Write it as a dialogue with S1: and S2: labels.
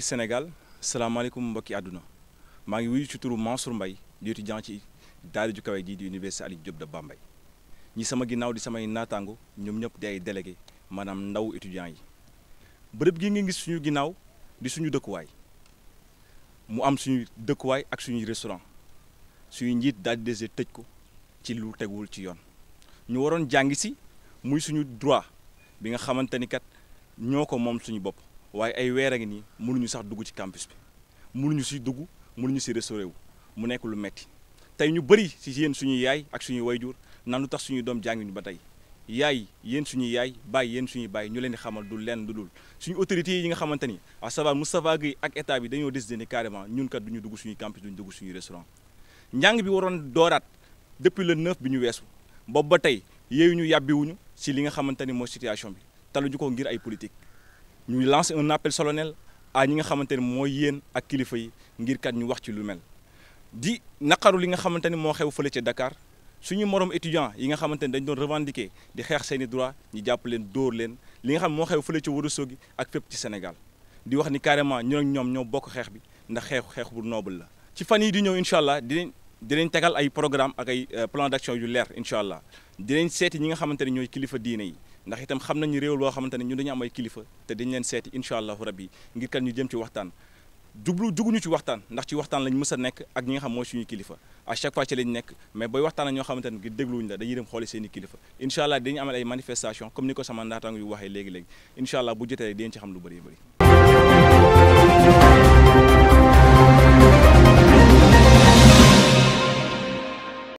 S1: mbokki Sénégal salaamaaleykum mbokki àdduna maa ngi wuyu ci turu Mansour Mbaye di étudiant ci daara ju kawe ji di université Alioune Diop de Bambey ñi sama ginnaaw di samay naataango ñoom ñëpp di ay délégué maanaam ndaw étudiants yi bërëb gi nga gis suñu ginnaaw di suñu dëkkuwaay mu am suñuy dëkkuwaay ak suñuy restaurant suñu njiit daal di tëj ko ci lu tegul ci yoon ñu waroon jàngi si muy suñu droit bi nga xamante ni kat ñoo ko moom suñu bopp waaye ay weer a ngi nii mënuñu sax dugg ci campus bi mënuñu si dugg mënuñu si restauré wu mu nekk lu metti tey ñu bëri si yéen suñuy yaay ak suñuy wayjur nan lu tax suñuy doom jàngiñu ba tey yaay yéen suñuy yaay bàyyi yéen suñuy bàyyi ñu leen xamal du leen du dul suñu autorités yi nga xamante ni à savoir Moustapha Guèye ak état bi dañoo décidé ni carrément ñun kat duñu dugg suñuy campus duñu dugg suñuy restaurant njàng bi waroon dooraat depuis le 9 bi ñu weesu boobu ba tey yéeyu ñu yàbbiwuñu si li nga xamante ni mooy situation bi ñu ko ngir ay politique ñuy lancer un appel solennel à ñi nga xamante ne mooy yéen ak kilifa yi ngir kat ñu wax ci lu mel di naqaru li nga xamante ni moo xew fële ca Dakar suñu morom étudiant yi nga xamante ni dañ doon revendiquer di xeex seeni droit ñu jàpp leen dóor leen li nga xam moo xew fële ca Ourossogui ak fépp ci Sénégal di wax ni carrément ñun ak ñoom ñoo bokk xeex bi ndax xeexu xeex bu noble la ci fan yi di ñëw incha allah dinañ tegal ay programme ak ay euh, plan d'action yu leer incha allah dinañ seeti ñi nga xamante ne ñooy kilifa diine yi ndax itam xam nañu réew loo xamante ne ñun dañu am ay kilifa te dañ leen seeti incha allahu rabbi ngir kan ñu jëm ci waxtaan jublu juguñu ci waxtaan ndax ci waxtaan lañ mës a nekk ak ñi nga xam mooy suñu kilifa à chaque fois ci lañ nekk mais booy waxtaan ak ñoo xamante ne gi la dañuy dem xooli seen i kilifa incha allah dañu amal ay manifestation comme ni ko sama naataango yu waxee léegi-léegi incha allah bu jotee dañ xam lu bëri bëri